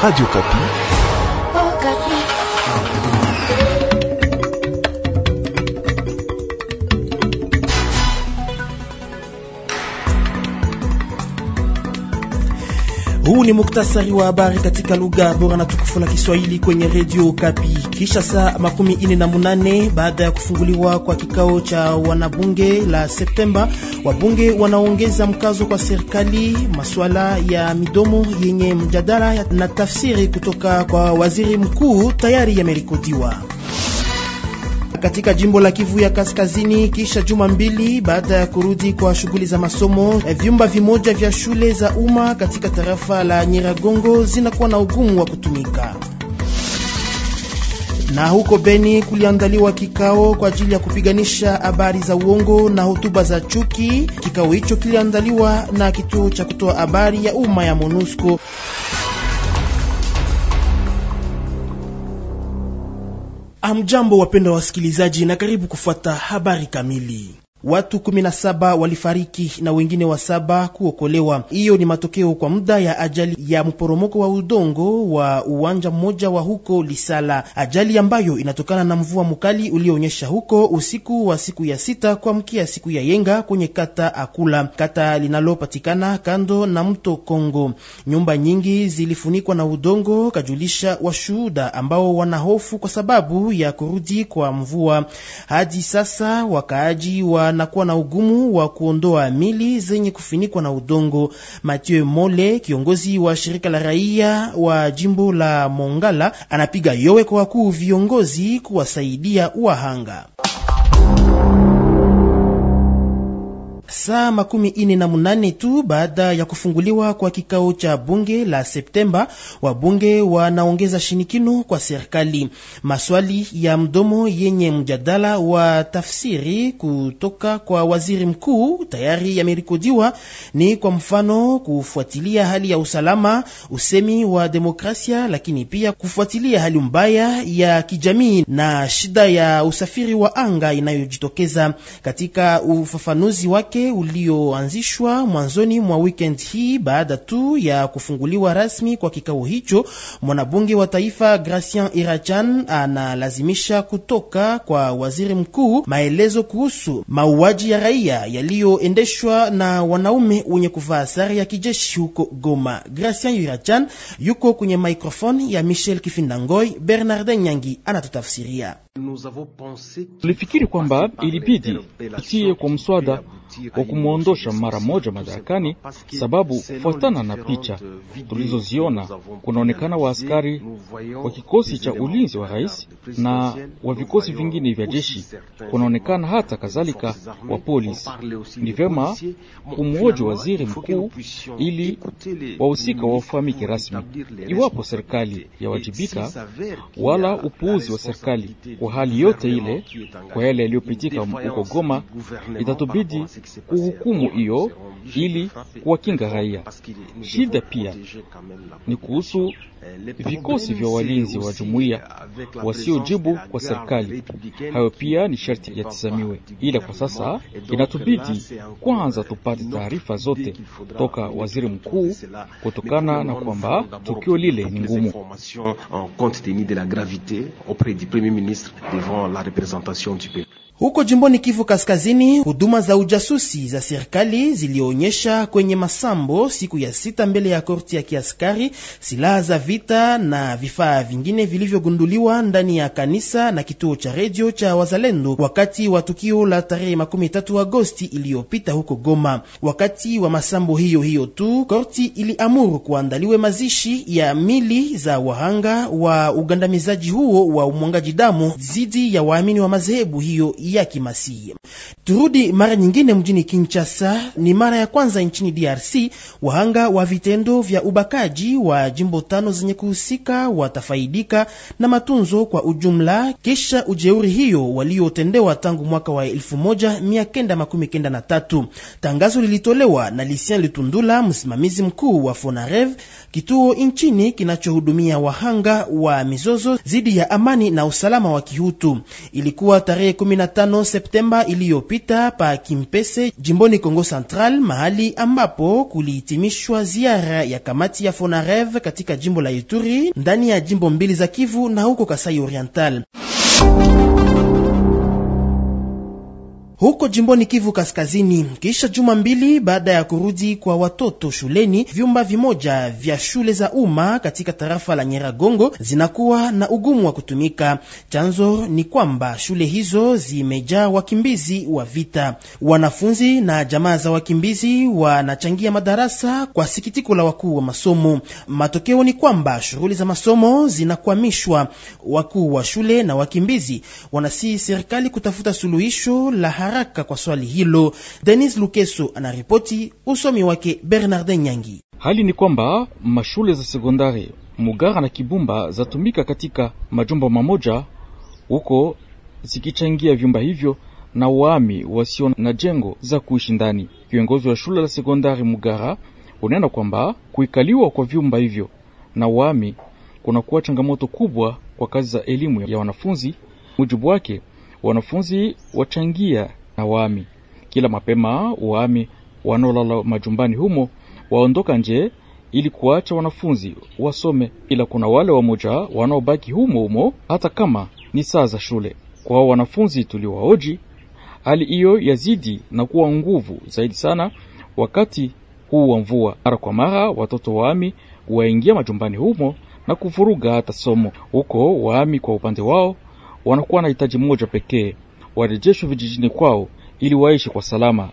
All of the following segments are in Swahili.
Radio Kapi. Huu ni muktasari wa habari katika lugha bora na tukufu la Kiswahili kwenye redio Kapi. Kisha saa makumi ine na munane baada ya kufunguliwa kwa kikao cha wanabunge la Septemba, wabunge wanaongeza mkazo kwa serikali masuala ya midomo yenye mjadala na tafsiri kutoka kwa waziri mkuu tayari yamerekodiwa katika jimbo la Kivu ya Kaskazini. Kisha juma mbili baada ya kurudi kwa shughuli za masomo, eh, vyumba vimoja vya shule za umma katika tarafa la Nyiragongo zinakuwa na ugumu wa kutumika na huko Beni kuliandaliwa kikao kwa ajili ya kupiganisha habari za uongo na hotuba za chuki. Kikao hicho kiliandaliwa na kituo cha kutoa habari ya umma ya MONUSCO. Amjambo wapenda wasikilizaji, na karibu kufuata habari kamili. Watu 17 walifariki na wengine wa saba kuokolewa. Hiyo ni matokeo kwa muda ya ajali ya mporomoko wa udongo wa uwanja mmoja wa huko Lisala, ajali ambayo inatokana na mvua mkali ulionyesha huko usiku wa siku ya sita kwa mkia siku ya yenga kwenye kata Akula, kata linalopatikana kando na mto Kongo. Nyumba nyingi zilifunikwa na udongo, kajulisha washuhuda ambao wanahofu kwa sababu ya kurudi kwa mvua. Hadi sasa wakaaji wa wanakuwa na ugumu wa kuondoa mili zenye kufinikwa na udongo. Mathieu Mole, kiongozi wa shirika la raia wa jimbo la Mongala, anapiga yowe kwa wakuu viongozi kuwasaidia wahanga. Saa makumi ine na munane tu baada ya kufunguliwa kwa kikao cha bunge la Septemba, wabunge wanaongeza shinikino kwa serikali. Maswali ya mdomo yenye mjadala wa tafsiri kutoka kwa waziri mkuu tayari yamerekodiwa. Ni kwa mfano kufuatilia hali ya usalama, usemi wa demokrasia, lakini pia kufuatilia hali mbaya ya kijamii na shida ya usafiri wa anga inayojitokeza. Katika ufafanuzi wake ulioanzishwa mwanzoni mwa weekend hii baada tu ya kufunguliwa rasmi kwa kikao hicho. Mwanabunge wa taifa Gracian Irachan analazimisha kutoka kwa waziri mkuu maelezo kuhusu mauaji ya raia yaliyoendeshwa na wanaume wenye kuvaa sare ya kijeshi huko Goma. Gracian Irachan yuko kwenye maikrofoni ya Michel Kifindangoi. Bernarde Nyangi anatutafsiria. Tulifikiri kwamba ilibidi itie kwa mswada kwa kumwondosha mara moja madarakani, sababu kufuatana na picha tulizoziona kunaonekana waaskari wa kikosi cha ulinzi wa rais na wa vikosi vingine vya jeshi, kunaonekana hata kadhalika wa polisi. Ni vyema kumwoja waziri mkuu ili wahusika wafahamike rasmi. Iwapo serikali yawajibika, wala upuuzi wa serikali kwa hali yote ile, kwa yale yaliyopitika huko Goma, itatubidi kuhukumu hiyo ili kuwakinga raia. Shida euh, pia ni kuhusu vikosi vya walinzi wa jumuiya wasiojibu kwa serikali. Hayo pia ni sharti yatizamiwe, ila kwa sasa inatubidi kwanza tupate taarifa zote toka waziri mkuu, kutokana na kwamba tukio lile ni ngumu. compte tenu de la gravité auprès du premier ministre devant la représentation du peuple huko jimboni Kivu Kaskazini, huduma za ujasusi za serikali zilionyesha kwenye masambo siku ya sita mbele ya korti ya kiaskari silaha za vita na vifaa vingine vilivyogunduliwa ndani ya kanisa na kituo cha redio cha Wazalendo wakati wa tukio la tarehe 13 Agosti iliyopita huko Goma. Wakati wa masambo hiyo hiyo tu, korti iliamuru kuandaliwe mazishi ya mili za wahanga wa ugandamizaji huo wa umwangaji damu dhidi ya waamini wa madhehebu hiyo ya kimasihi. Turudi mara nyingine mjini Kinshasa. Ni mara ya kwanza nchini DRC wahanga wa vitendo vya ubakaji wa jimbo tano zenye kuhusika watafaidika na matunzo kwa ujumla, kisha ujeuri hiyo waliotendewa tangu mwaka wa 1993. Tangazo lilitolewa na Lucien litundula msimamizi mkuu wa Fonarev, kituo nchini kinachohudumia wahanga wa mizozo dhidi ya amani na usalama wa kihutu. Ilikuwa tarehe 5 Septemba iliyopita pa Kimpese jimboni Kongo Central, mahali ambapo kulihitimishwa ziara ya kamati ya Fonareve katika jimbo la Ituri ndani ya jimbo mbili za Kivu na huko Kasai Oriental huko jimboni Kivu Kaskazini. Kisha juma mbili baada ya kurudi kwa watoto shuleni, vyumba vimoja vya shule za umma katika tarafa la Nyeragongo zinakuwa na ugumu wa kutumika. Chanzo ni kwamba shule hizo zimejaa wakimbizi wa vita. Wanafunzi na jamaa za wakimbizi wanachangia madarasa kwa sikitiko la wakuu wa masomo. Matokeo ni kwamba shughuli za masomo zinakwamishwa. Wakuu wa shule na wakimbizi wanasii serikali kutafuta suluhisho la haraka kwa swali hilo. Denis Lukeso anaripoti, usomi wake Bernardin Nyangi. Hali ni kwamba mashule za sekondari Mugara na Kibumba zatumika katika majumba mamoja huko, zikichangia vyumba hivyo na waami wasio na jengo za kuishi ndani. Kiongozi wa shule la sekondari Mugara unena kwamba kuikaliwa kwa vyumba hivyo na waami kunakuwa changamoto kubwa kwa kazi za elimu ya wanafunzi. Mujibu wake wanafunzi wachangia na waami kila mapema. Waami wanaolala majumbani humo waondoka nje ili kuacha wanafunzi wasome, ila kuna wale wamoja wanaobaki humo humo hata kama ni saa za shule. Kwa wanafunzi tuliowaoji, hali hiyo yazidi na kuwa nguvu zaidi sana wakati huu wa mvua. Mara kwa mara watoto waami waingia majumbani humo na kuvuruga hata somo huko. Waami kwa upande wao wanakuwa na hitaji moja pekee, warejeshwe vijijini kwao ili waishi kwa salama.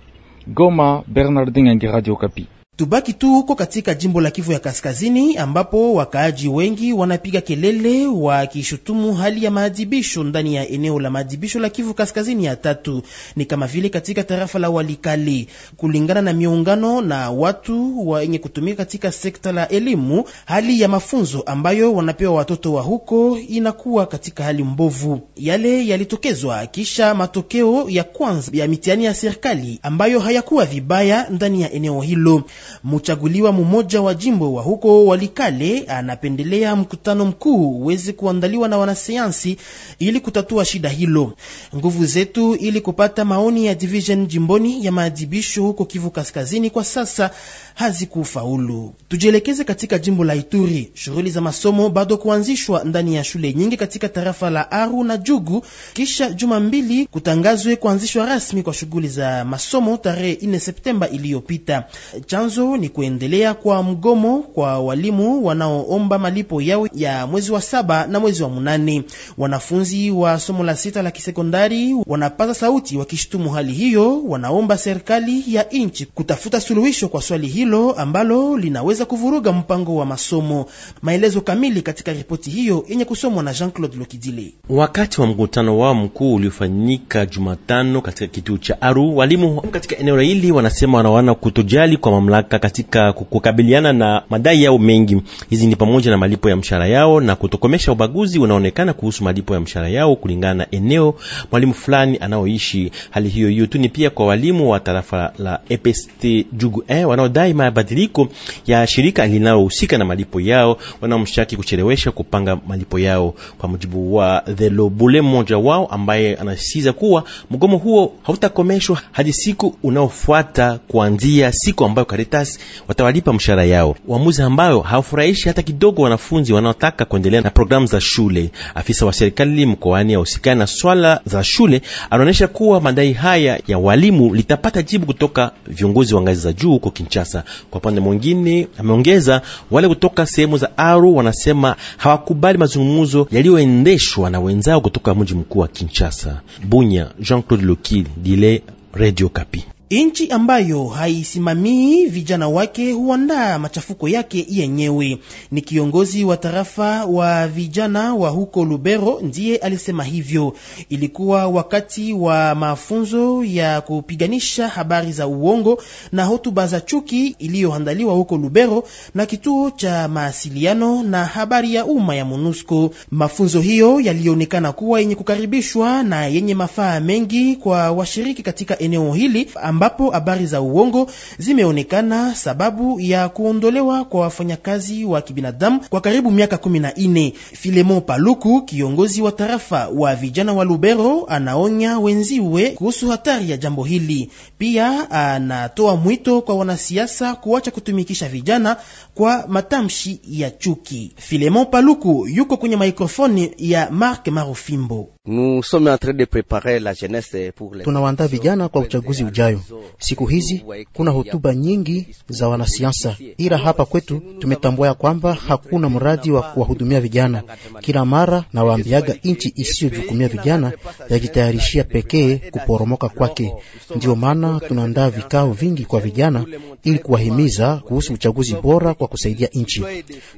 Goma, Bernardin Angi, Radio Kapi. Tubaki tu huko katika jimbo la Kivu ya Kaskazini ambapo wakaaji wengi wanapiga kelele wakishutumu hali ya maadhibisho ndani ya eneo la maadhibisho la Kivu Kaskazini ya tatu, ni kama vile katika tarafa la Walikali. Kulingana na miungano na watu wenye kutumika katika sekta la elimu, hali ya mafunzo ambayo wanapewa watoto wa huko inakuwa katika hali mbovu. Yale yalitokezwa kisha matokeo ya kwanza ya mitihani ya serikali ambayo hayakuwa vibaya ndani ya eneo hilo. Mchaguliwa mmoja wa jimbo wa huko Walikale anapendelea mkutano mkuu uweze kuandaliwa na wanasayansi ili kutatua shida hilo. Nguvu zetu ili kupata maoni ya division jimboni ya maadhibisho huko Kivu Kaskazini kwa sasa hazikufaulu. Tujielekeze katika jimbo la Ituri. Shughuli za masomo bado kuanzishwa ndani ya shule nyingi katika tarafa la Aru na Jugu, kisha juma mbili kutangazwe kuanzishwa rasmi kwa shughuli za masomo tarehe 4 Septemba iliyopita. Chanzo mwanzo ni kuendelea kwa mgomo kwa walimu wanaoomba malipo yao ya mwezi wa saba na mwezi wa munane. Wanafunzi wa somo la sita la kisekondari wanapaza sauti wakishutumu hali hiyo, wanaomba serikali ya nchi kutafuta suluhisho kwa swali hilo ambalo linaweza kuvuruga mpango wa masomo. Maelezo kamili katika ripoti hiyo yenye kusomwa na Jean-Claude Lokidile. Wakati wa mkutano wao mkuu uliofanyika Jumatano katika kituo cha Aru, walimu katika eneo hili wanasema wanawana kutojali kwa mamlaka haraka katika kukabiliana na madai yao mengi. Hizi ni pamoja na malipo ya mshahara yao na kutokomesha ubaguzi unaonekana kuhusu malipo ya mshahara yao kulingana na eneo mwalimu fulani anaoishi. Hali hiyo hiyo tu ni pia kwa walimu wa tarafa la EPST Jugu eh, wanaodai mabadiliko ya shirika linalohusika na malipo yao, wanaomshtaki kuchelewesha kupanga malipo yao, kwa mujibu wa The Lobule, mmoja wao ambaye anasisitiza kuwa mgomo huo hautakomeshwa hadi siku unaofuata kuanzia siku ambayo kareta Caritas watawalipa mshahara yao, uamuzi ambayo haufurahishi hata kidogo wanafunzi wanaotaka kuendelea na programu za shule. Afisa wa serikali mkoani yahusikana na swala za shule anaonyesha kuwa madai haya ya walimu litapata jibu kutoka viongozi wa ngazi za juu huko Kinshasa. Kwa upande mwingine, ameongeza wale kutoka sehemu za Aru wanasema hawakubali mazungumzo yaliyoendeshwa na wenzao kutoka mji mkuu wa Kinshasa. Bunya, Jean-Claude Lokili Dile, Radio Kapi. Nchi ambayo haisimamii vijana wake huandaa machafuko yake yenyewe. Ni kiongozi wa tarafa wa vijana wa huko Lubero ndiye alisema hivyo. Ilikuwa wakati wa mafunzo ya kupiganisha habari za uongo na hotuba za chuki iliyoandaliwa huko Lubero na kituo cha mawasiliano na habari ya umma ya MONUSCO. Mafunzo hiyo yalionekana kuwa yenye kukaribishwa na yenye mafaa mengi kwa washiriki katika eneo hili ambapo habari za uongo zimeonekana sababu ya kuondolewa kwa wafanyakazi wa kibinadamu kwa karibu miaka kumi na ine. Filemon Paluku, kiongozi wa tarafa wa vijana wa Lubero, anaonya wenziwe kuhusu hatari ya jambo hili. Pia anatoa mwito kwa wanasiasa kuacha kutumikisha vijana kwa matamshi ya chuki. Filemon Paluku yuko kwenye mikrofoni ya Mark Marufimbo tunawaandaa vijana kwa uchaguzi ujayo. Siku hizi kuna hotuba nyingi za wanasiasa, ila hapa kwetu tumetambua ya kwamba hakuna mradi wa kuwahudumia vijana. Kila mara nawaambiaga, nchi isiyojukumia vijana yajitayarishia pekee kuporomoka kwake. Ndiyo maana tunaandaa vikao vingi kwa vijana ili kuwahimiza kuhusu uchaguzi bora kwa kusaidia nchi.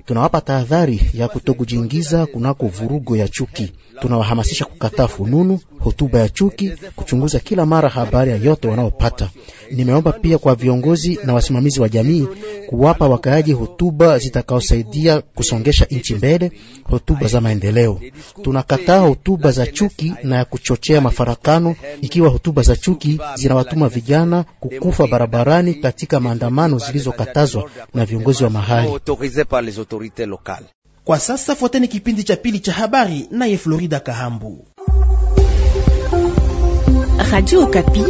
Tunawapa tahadhari ya kutokujiingiza kunako vurugo ya chuki, tunawahamasisha kukataa fununu, hotuba ya chuki, kuchunguza kila mara habari yote wanaopata. Nimeomba pia kwa viongozi na wasimamizi wa jamii kuwapa wakaaji hotuba zitakaosaidia kusongesha nchi mbele, hotuba za maendeleo. Tunakataa hotuba za chuki na ya kuchochea mafarakano, ikiwa hotuba za chuki zinawatuma vijana kukufa barabarani katika maandamano zilizokatazwa na viongozi wa mahali. Kwa sasa fuateni kipindi cha pili cha habari, naye Florida Kahambu. Radio Okapi,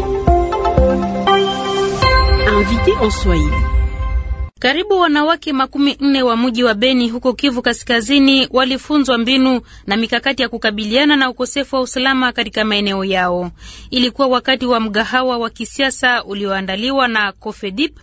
invité en Swahili. Karibu wanawake makumi nne wa mji wa Beni huko Kivu Kaskazini walifunzwa mbinu na mikakati ya kukabiliana na ukosefu wa usalama katika maeneo yao. Ilikuwa wakati wa mgahawa wa kisiasa ulioandaliwa na COFEDIP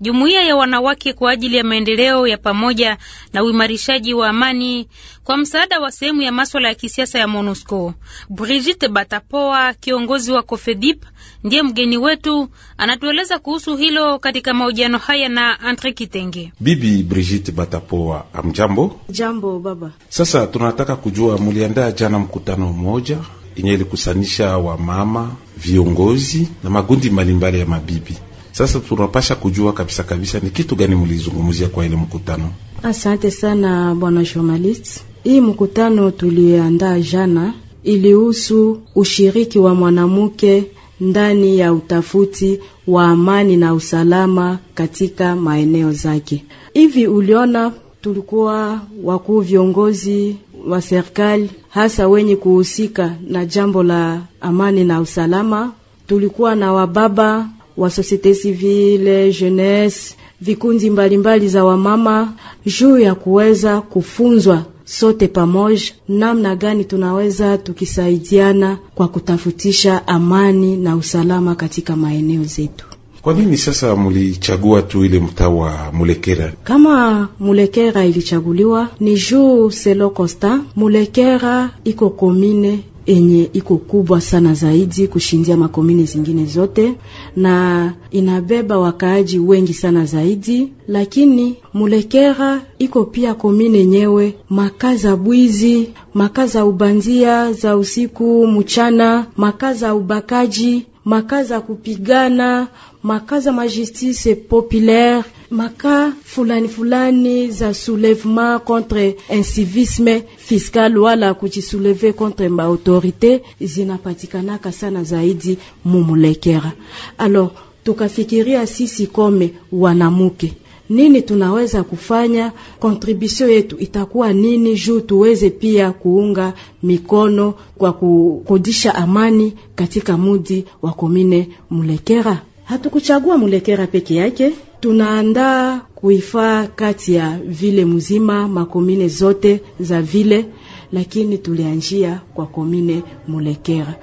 jumuiya ya wanawake kwa ajili ya maendeleo ya pamoja na uimarishaji wa amani kwa msaada wa sehemu ya maswala ya kisiasa ya MONUSCO. Brigitte Batapoa, kiongozi wa COFEDIP, ndiye mgeni wetu, anatueleza kuhusu hilo katika mahojiano haya na Andre Kitenge. Bibi Brigitte Batapoa, amjambo. Jambo baba. Sasa tunataka kujua muliandaa jana mkutano mmoja yenye ilikusanisha wamama, viongozi na magundi mbalimbali ya mabibi sasa tunapasha kujua kabisa kabisa ni kitu gani mlizungumzia kwa ile mkutano. Asante sana bwana journalist. Hii mkutano tuliandaa jana ilihusu ushiriki wa mwanamke ndani ya utafuti wa amani na usalama katika maeneo zake. Hivi uliona, tulikuwa wakuu viongozi wa serikali hasa wenye kuhusika na jambo la amani na usalama, tulikuwa na wababa wa societe civile, jeunesse, vikundi mbalimbali za wamama juu ya kuweza kufunzwa sote pamoja namna gani tunaweza tukisaidiana kwa kutafutisha amani na usalama katika maeneo zetu. Kwa nini sasa mulichagua tu ile mtaa wa Mulekera? Kama Mulekera ilichaguliwa ni juu selo Costa. Mulekera iko komine yenye iko kubwa sana zaidi kushindia makomini zingine zote, na inabeba wakaaji wengi sana zaidi. Lakini Mulekera iko pia komini yenyewe makaa za bwizi, makaa za ubandia za usiku mchana, makaa za ubakaji makaa za kupigana, makaa za majustice populaire, makaa fulani fulani za soulèvement contre incivisme fiscal wala kujisouleve contre maautorite zinapatikanaka sana zaidi Mumulekera. Alors tukafikiria sisi kome wanamuke nini tunaweza kufanya, kontribusio yetu itakuwa nini juu tuweze pia kuunga mikono kwa kukodisha amani katika mudi wa komine Mulekera. Hatukuchagua Mulekera peke yake, tunaandaa kuifaa kati ya vile mzima makomine zote za vile lakini tulianjia kwa komine Mulekera,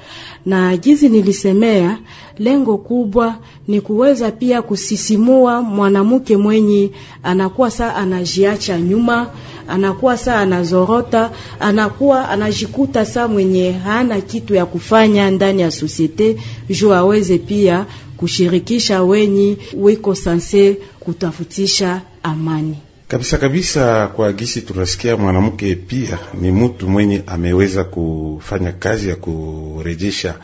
na jizi nilisemea, lengo kubwa ni kuweza pia kusisimua mwanamke mwenye anakuwa saa anajiacha nyuma, anakuwa saa anazorota, anakuwa anajikuta saa mwenye hana kitu ya kufanya ndani ya sosiete, juu aweze pia kushirikisha wenye wiko sanse kutafutisha amani kabisa kabisa. Kwa gisi tunasikia, mwanamke pia ni mtu mwenye ameweza kufanya kazi ya kurejesha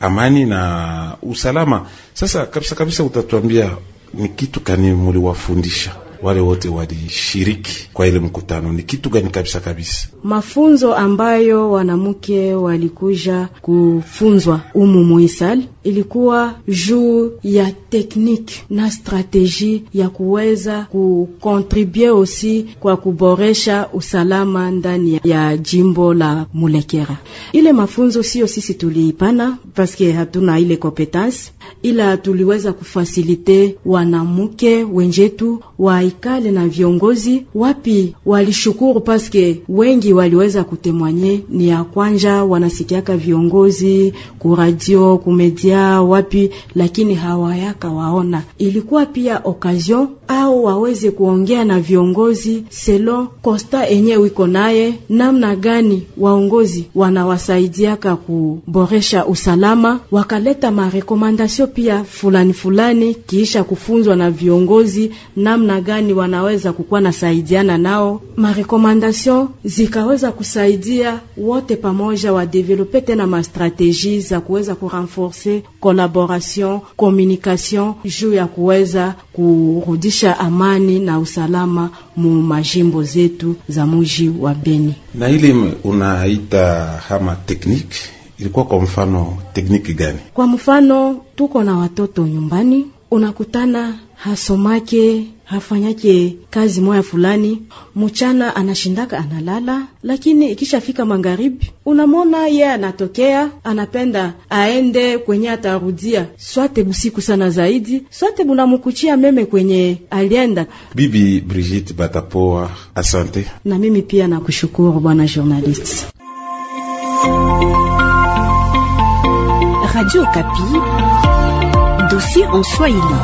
amani na usalama. Sasa kabisa kabisa, utatuambia ni kitu kani muliwafundisha wale wote walishiriki kwa ile mkutano. Ni kitu gani kabisa kabisa mafunzo ambayo wanamke walikuja kufunzwa umu muisal ilikuwa juu ya tekniki na strateji ya kuweza kukontribue osi kwa kuboresha usalama ndani ya jimbo la Mulekera. Ile mafunzo sio sisi tuliipana paske hatuna ile kompetence, ila tuliweza kufasilite wanamke wenjetu waikale na viongozi wapi walishukuru, paske wengi waliweza kutemwanye ni ya kwanja wanasikiaka viongozi kuradio kumedia wapi, lakini hawayaka waona. Ilikuwa pia okasion au waweze kuongea na viongozi selo kosta enye wiko naye, namna gani waongozi wanawasaidiaka kuboresha usalama, wakaleta marekomandasio pia fulani fulani, kiisha kufunzwa na viongozi namna namna gani wanaweza kukuwa nasaidiana nao, marekomandasyon zikaweza kusaidia wote pamoja wadevelope tena mastrategi za kuweza kurenforce kolaboration communication juu ya kuweza kurudisha amani na usalama mu majimbo zetu za muji wa Beni. Na ili unaita hama tekniki ilikuwa kwa mfano tekniki gani? Kwa mfano tuko na watoto nyumbani, unakutana hasomake hafanyake kazi moya fulani, mchana anashindaka analala, lakini ikishafika magharibi unamwona ye anatokea, anapenda aende kwenye atarudia swate busiku sana zaidi, swate bunamukuchia meme kwenye alienda. Bibi Brigitte Batapoa, asante. Na mimi pia nakushukuru bwana journalist. Radio Kapi, en Swahili.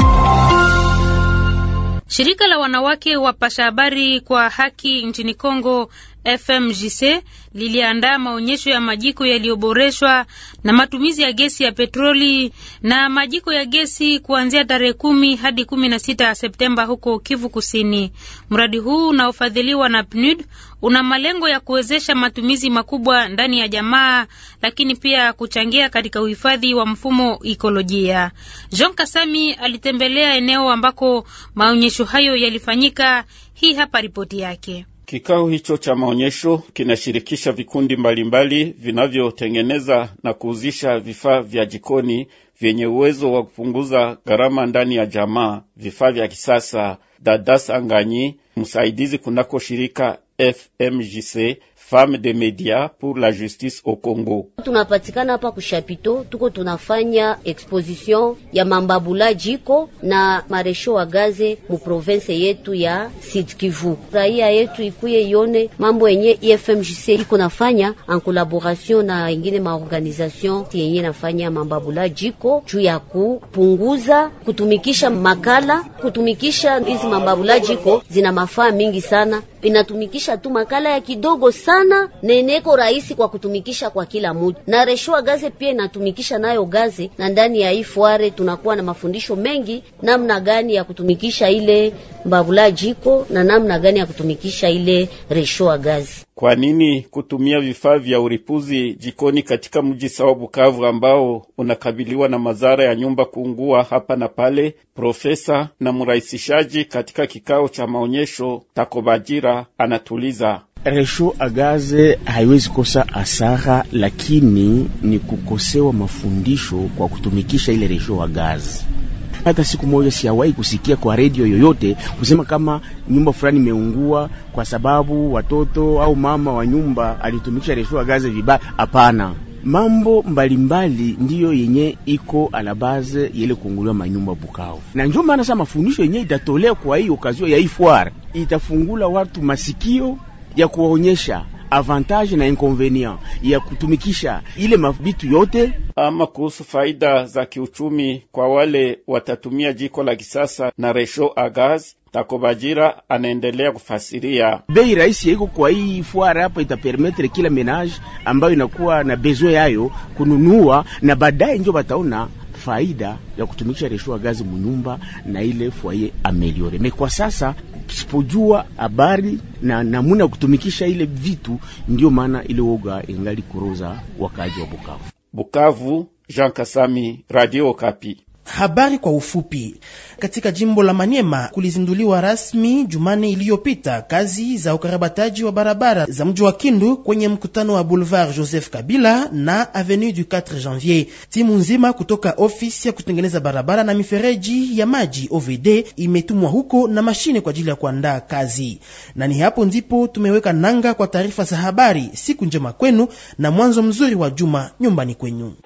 Shirika la wanawake wapasha habari kwa haki nchini Kongo FMJC liliandaa maonyesho ya majiko yaliyoboreshwa na matumizi ya gesi ya petroli na majiko ya gesi kuanzia tarehe kumi hadi kumi na sita Septemba huko Kivu Kusini. Mradi huu unaofadhiliwa na PNUD una malengo ya kuwezesha matumizi makubwa ndani ya jamaa, lakini pia kuchangia katika uhifadhi wa mfumo ikolojia. Jean Kasami alitembelea eneo ambako maonyesho hayo yalifanyika. Hii hapa ripoti yake. Kikao hicho cha maonyesho kinashirikisha vikundi mbalimbali vinavyotengeneza na kuuzisha vifaa vya jikoni vyenye uwezo wa kupunguza gharama ndani ya jamaa, vifaa vya kisasa. Dadas Anganyi, msaidizi kunako shirika FMJC, Femme de Media pour la Justice au Congo. Tunapatikana hapa kushapito, tuko tunafanya exposition ya mambabula jiko na maresho wa gaze mu province yetu ya Sud Kivu. Raia yetu ikuye ione mambo yenye IFMJC iko nafanya en collaboration na ingine maorganisation yenye nafanya mambabula jiko juu ya kupunguza kutumikisha makala, kutumikisha hizi mambabula jiko zina mafaa mingi sana inatumikisha tu makala ya kidogo sana, neneko rahisi kwa kutumikisha kwa kila mtu, na reshua gaze pia inatumikisha nayo gaze, na ndani ya ifware tunakuwa na mafundisho mengi namna gani ya kutumikisha ile mbavula jiko na namna gani ya kutumikisha ile reshua gaze. Kwa nini kutumia vifaa vya uripuzi jikoni katika mji sawa Bukavu ambao unakabiliwa na madhara ya nyumba kuungua hapa na pale? Profesa na mrahisishaji katika kikao cha maonyesho Takobajira anatuliza resho agaze haiwezi kosa asara, lakini ni kukosewa mafundisho kwa kutumikisha ile resho agaze hata siku moja siawahi kusikia kwa redio yoyote kusema kama nyumba fulani imeungua kwa sababu watoto au mama wa nyumba alitumikisha reshua gaze vibaya. Hapana, mambo mbalimbali mbali ndiyo yenye iko alabaze yele kuunguliwa manyumba Bukavu, na njo maana sasa mafundisho yenye itatolea kwa hii okazio ya ifwara itafungula watu masikio ya kuwaonyesha avantage na inconvenient ya kutumikisha ile mabitu yote. Ama kuhusu faida za kiuchumi kwa wale watatumia jiko la kisasa na resho agaz Takobajira anaendelea kufasiria bei rahisi iko kwa hii fuara hapa, itapermetre kila menage ambayo inakuwa na bezo yayo kununua, na baadaye ndio bataona faida ya kutumikisha reshua gazi munyumba na ile foyer ameliore. Me kwa sasa sipojua habari na namuna ya kutumikisha ile vitu, ndio maana ile woga ingali kuroza wakaaji wa Bukavu. Bukavu, Jean Kasami, Radio Kapi. Habari kwa ufupi. Katika jimbo la Maniema kulizinduliwa rasmi Jumane iliyopita kazi za ukarabataji wa barabara za mji wa Kindu kwenye mkutano wa Boulevard Joseph Kabila na Avenue du 4 Janvier. Timu nzima kutoka ofisi ya kutengeneza barabara na mifereji ya maji OVD imetumwa huko na mashine kwa ajili ya kuandaa kazi, na ni hapo ndipo tumeweka nanga kwa taarifa za habari. Siku njema kwenu na mwanzo mzuri wa juma nyumbani kwenyu.